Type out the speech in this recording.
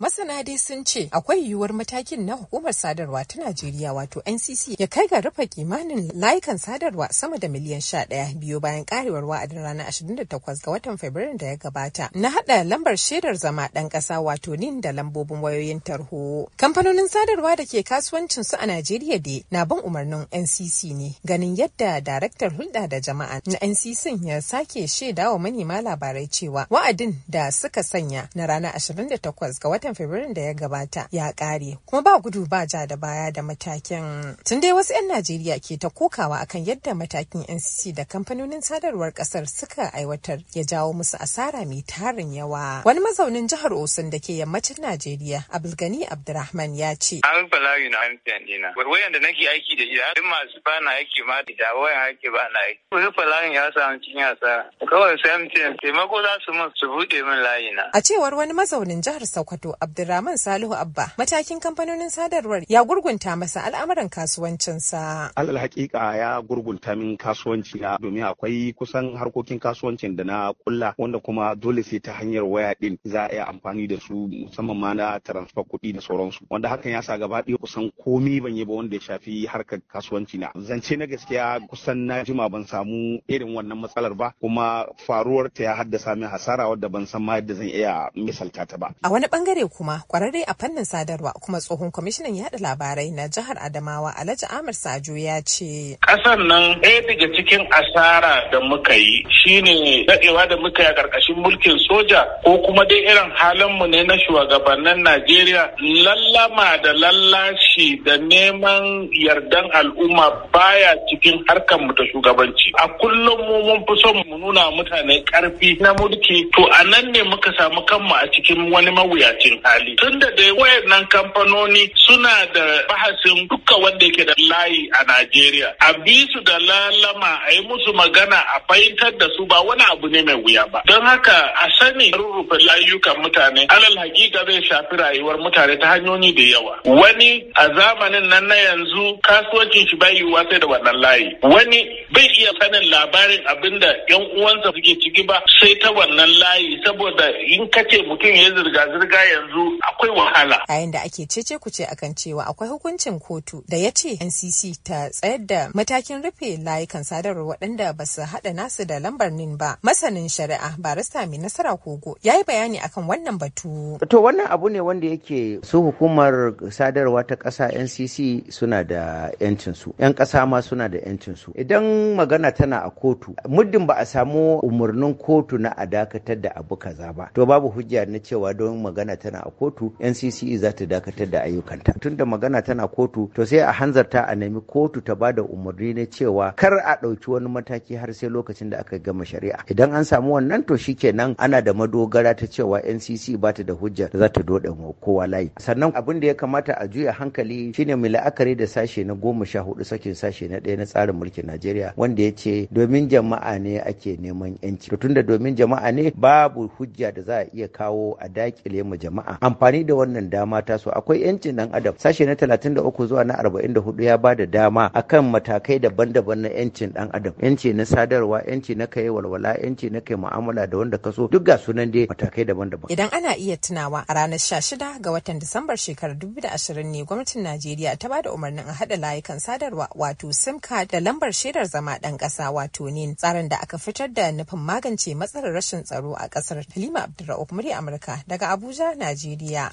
Masana dai sun ce akwai yiwuwar matakin na hukumar sadarwa ta Najeriya wato NCC ya kai ga rufe kimanin layukan sadarwa sama da miliyan sha ɗaya biyu bayan karewar wa'adin ranar 28 ga watan Fabrairu da ya gabata na haɗa lambar shaidar zama ɗan ƙasa wato NIN da lambobin wayoyin tarho. Kamfanonin sadarwa da ke kasuwancin su a Najeriya dai na bin umarnin NCC ne ganin yadda daraktar hulɗa da jama'a na NCC ya sake shaidawa manema labarai cewa wa'adin da suka sanya na ranar 28 ga watan watan Fabrairun da ya gabata ya kare kuma ba gudu ba ja da baya da matakin. Tun dai wasu 'yan Najeriya ke ta kokawa akan yadda matakin NCC da kamfanonin sadarwar ƙasar suka aiwatar ya jawo musu asara mai tarin yawa. Wani mazaunin jihar Osun da ke yammacin Najeriya Abdulgani Abdurrahman ya ce. An bala'i na MTN dina. Wayan da nake aiki da shi? a masu ba na aiki ma da wayan yake ba na aiki. Wani ya samu cin yasa. Kawai sai MTN taimako za su mun su buɗe min layina. A cewar wani mazaunin jihar Sokoto Abdulrahman Abdurrahman Salihu Abba matakin kamfanonin sadarwar ya gurgunta masa al'amuran kasuwancinsa. Alal hakika ya gurgunta min kasuwanci na domin akwai kusan harkokin kasuwancin da na kulla wanda kuma dole sai ta hanyar waya din za a iya amfani da su musamman ma na transfer kuɗi da sauransu wanda hakan ya sa gaba ɗaya kusan komi ban yi ba wanda ya shafi harkar kasuwanci na. Zance na gaskiya kusan na jima ban samu irin wannan matsalar ba kuma faruwar ta ya haddasa min hasara wadda ban san ma yadda zan iya misalta ta ba. A wani bangare ne kuma kwararre a fannin sadarwa kuma tsohon kwamishinan yada labarai na jihar Adamawa Alhaji Amir Sajo ya ce. Kasar nan ɗaya daga cikin asara da muka yi shine daɗewa da muka yi a ƙarƙashin mulkin soja ko kuma dai irin halin mu ne na shugabannin Najeriya lallama da lallashi da neman yardan al'umma baya cikin harkar mu ta shugabanci. A kullum mu mun fi son mu nuna mutane ƙarfi na mulki to a nan ne muka samu kanmu a cikin wani mawuyacin matsanancin hali tunda dai wayannan kamfanoni suna da bahasin duka wanda yake da layi a Najeriya a bi su da lalama a yi musu magana a fahimtar da su ba wani abu ne mai wuya ba don haka a sani rurrufe layukan mutane alal hakika zai shafi rayuwar mutane ta hanyoyi da yawa wani a zamanin nan na yanzu kasuwancin shi bai yiwuwa sai da wannan layi wani bai iya sanin labarin abinda da yan uwansa suke ciki ba sai ta wannan layi saboda in kace mutum ya zirga-zirga yanzu yanzu akwai wahala. A yanda ake cece kuce akan cewa akwai hukuncin kotu da ya ce NCC ta tsayar da matakin rufe layukan sadarwa waɗanda ba su haɗa nasu da lambar nin ba. Masanin shari'a barista mai nasara kogo ya yi bayani akan wannan batu. To wannan abu ne wanda yake su hukumar sadarwa ta ƙasa NCC suna da 'yancinsu. 'Yan ƙasa ma suna da 'yancinsu. Idan magana tana a kotu, muddin ba a samu umarnin kotu na a dakatar da abu kaza ba. To babu hujja na cewa don magana tana magana a kotu ncce za ta dakatar da ayyukanta tunda magana tana kotu to sai a hanzarta a nemi kotu ta ba da umarni na cewa kar a ɗauki wani mataki har sai lokacin da aka gama shari'a idan an samu wannan to shikenan ana da madogara ta cewa ncc e ba ta da hujjar za ta dode kowa layi sannan abin da ya kamata a juya hankali shine mai la'akari da sashe na goma sha hudu sakin sashe na ɗaya na tsarin mulkin najeriya wanda ya ce domin jama'a ne ake neman yanci tunda domin jama'a ne babu hujja da za a iya kawo a dakile ma jama'a jama'a amfani da wannan dama ta so akwai yancin dan adam sashe na 33 zuwa na 44 ya ba da dama akan matakai daban-daban na yancin dan adam yanci na sadarwa yanci na kai walwala yanci na kai mu'amala da wanda ka so duk ga sunan dai matakai daban-daban idan ana iya tunawa a ranar 16 ga watan disambar shekarar 2020 ne gwamnatin Najeriya ta ba da umarnin a haɗa layukan sadarwa wato sim card da lambar shaidar zama ɗan ƙasa wato nin tsarin da aka fitar da nufin magance matsalar rashin tsaro a ƙasar Halima Abdulra'uf murya Amurka daga Abuja Najeriya 加吉利亚。